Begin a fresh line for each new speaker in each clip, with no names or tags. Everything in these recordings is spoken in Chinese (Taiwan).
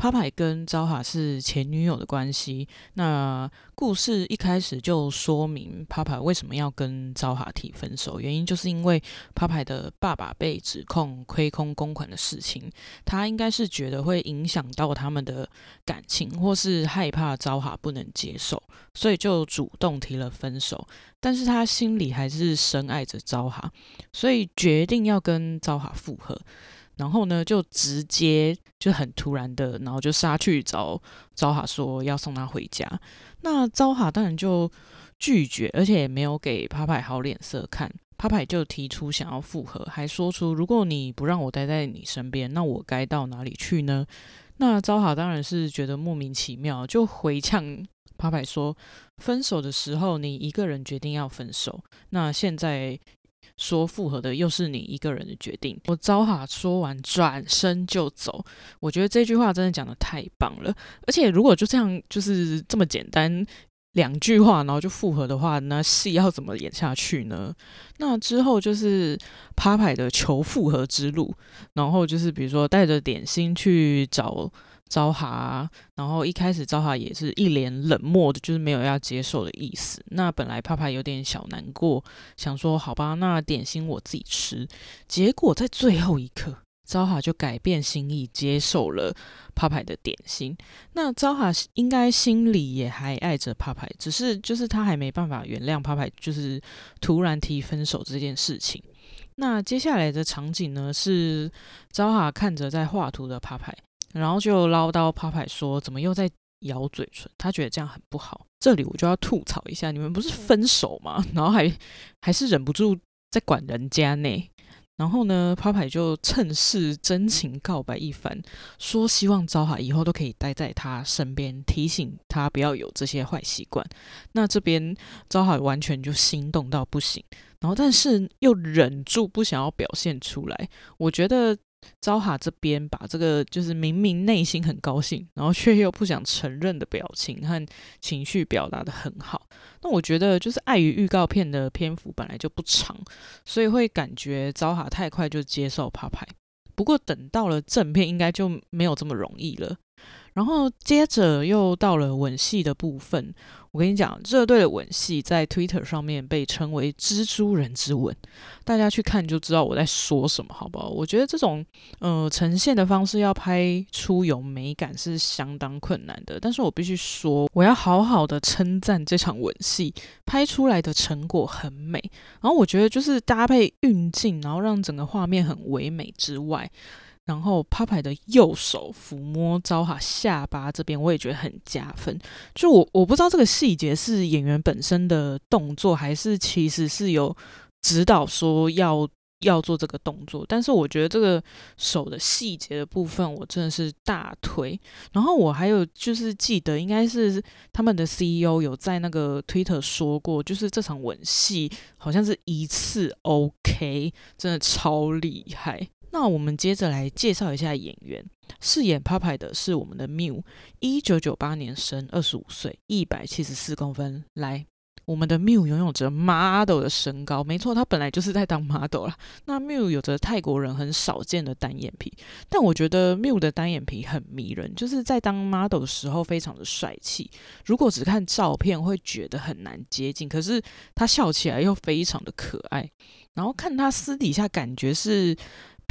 Papie 跟 Jaokha 是前女友的關係。那故事一開始就說明 Papie 為什麼要跟 Jaokha 提分手，原因就是因為 Papie 的爸爸被指控虧空公款的事情，他應該是覺得會影響到他們的感情，或是害怕 Jaokha 不能接受，所以就主動提了分手。但是他心裡還是深愛着 Jaokha，所以決定要跟 Jaokha 復合。然後呢，就直接就很突然的，然後就殺去找招哈說要送他回家。那招哈當然就拒絕，而且也沒有給帕派好臉色看。帕派就提出想要復合，還說出如果你不讓我待在你身邊，那我該到哪裡去呢？那招哈當然是覺得莫名其妙，就回嗆帕派說：分手的時候你一個人決定要分手，那現在。說復合的又是你一個人的決定。我 Jaokha 說完轉身就走。我覺得這句話真的講得太棒了。而且如果就這樣，就是這麼簡單兩句話，然後就復合的話，那戲要怎麼演下去呢？那之後就是 Papie 的求復合之路，然後就是比如說，帶着點心去找。招哈，然後一開始招哈也是一臉冷漠的，就是沒有要接受的意思。那本來帕帕有點小難過，想說好吧，那點心我自己吃。結果在最後一刻，招哈就改變心意，接受了帕帕的點心。那招哈應該心裡也還愛着帕帕，只是就是他還沒辦法原諒帕帕，就是突然提分手這件事情。那接下來的場景呢，是招哈看着在畫圖的帕帕。然後就嘮叨帕 a 說，怎麼又在咬嘴唇，他覺得這樣很不好。這裡我就要吐槽一下，你們不是分手嗎？然後還還是忍不住在管人家呢。然後呢，帕 a 就趁勢真情告白一番，說希望招海以後都可以待在他身邊，提醒他不要有這些壞習慣。那這邊招海完全就心動到不行，然後但是又忍住不想要表現出來。我覺得。招哈這邊把這個就是明明內心很高興，然後卻又不想承認的表情和情緒表達得很好。那我覺得就是礙於預告片的篇幅本來就不長，所以會感覺招哈太快就接受帕派。不過等到了正片，應該就沒有這麼容易了。然後接着又到了吻戲的部分，我跟你講，這對的吻戲在 Twitter 上面被稱為“蜘蛛人之吻”，大家去看就知道我在說什麼，好不好？我覺得這種呃呈現的方式要拍出有美感是相當困難的，但是我必須說，我要好好的稱讚這場吻戲拍出來的成果很美。然後我覺得就是搭配運鏡，然後讓整個畫面很唯美之外，然後帕 a 的右手撫摸 z 哈下巴這邊，我也覺得很加分。就我我不知道這個細節是演員本身的動作，還是其實是有指導說要要做這個動作。但是我覺得這個手的細節的部分，我真的是大推。然後我還有就是記得，應該是他們的 CEO 有在那個 Twitter 說過，就是這場吻戲好像是一次 OK，真的超厲害。那我們接着來介紹一下演員，飾演 Papie 的是我們的 Mew，一九九八年生，二十五歲，一百七十四公分。來，我們的 Mew 擁有着 model 的身高，沒錯，他本來就是在當 model 啦，那 Mew 有着泰國人很少見的單眼皮，但我覺得 Mew 的單眼皮很迷人，就是在當 model 的時候非常的帥氣。如果只看照片會覺得很難接近，可是他笑起來又非常的可愛。然後看他私底下感覺是。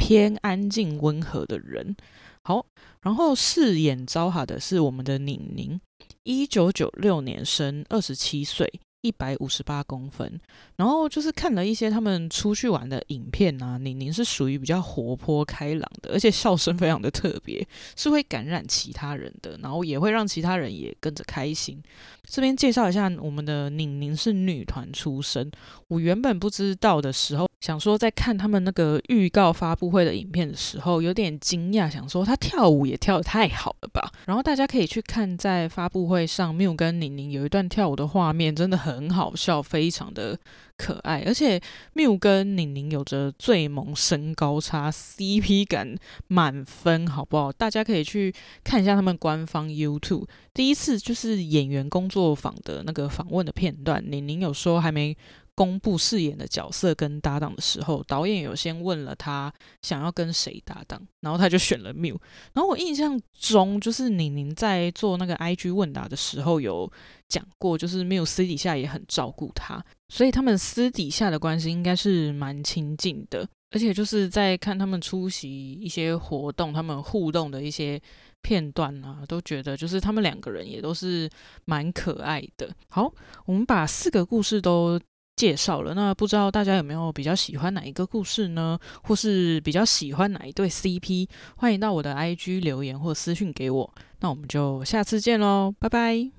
偏安靜溫和的人，好，然後飾演昭哈的是我們的寧寧，一九九六年生，二十七歲，一百五十八公分。然後就是看了一些他們出去玩的影片啊，寧寧是屬於比較活潑開朗的，而且笑聲非常的特別，是會感染其他人的，然後也會讓其他人也跟着開心。這邊介紹一下，我們的寧寧是女團出身。我原本不知道的時候。想說，在看他們那個預告發布會的影片的時候，有點驚訝，想說他跳舞也跳得太好了吧。然後大家可以去看，在發布會上，Mew 跟寧寧有一段跳舞的畫面，真的很好笑，非常的可愛。而且 Mew 跟寧寧有着最萌身高差，CP 感滿分，好不好？大家可以去看一下他們官方 YouTube 第一次就是演員工作坊的那個訪問的片段。寧寧有說還沒。公布飾演的角色跟搭檔的時候，導演有先問了他想要跟誰搭檔，然後他就選了 Mew。然後我印象中就是寧寧在做那個 IG 問答的時候有講過，就是 Mew 私底下也很照顧他，所以他們私底下的關係應該是蠻親近的。而且就是在看他們出席一些活動，他們互動的一些片段啊，都覺得就是他們兩個人也都是蠻可愛的。好，我們把四個故事都。介紹了，那不知道大家有沒有比較喜歡哪一個故事呢？或是比較喜歡哪一對 CP？歡迎到我的 IG 留言或私訊給我。那我們就下次見嘍，拜拜。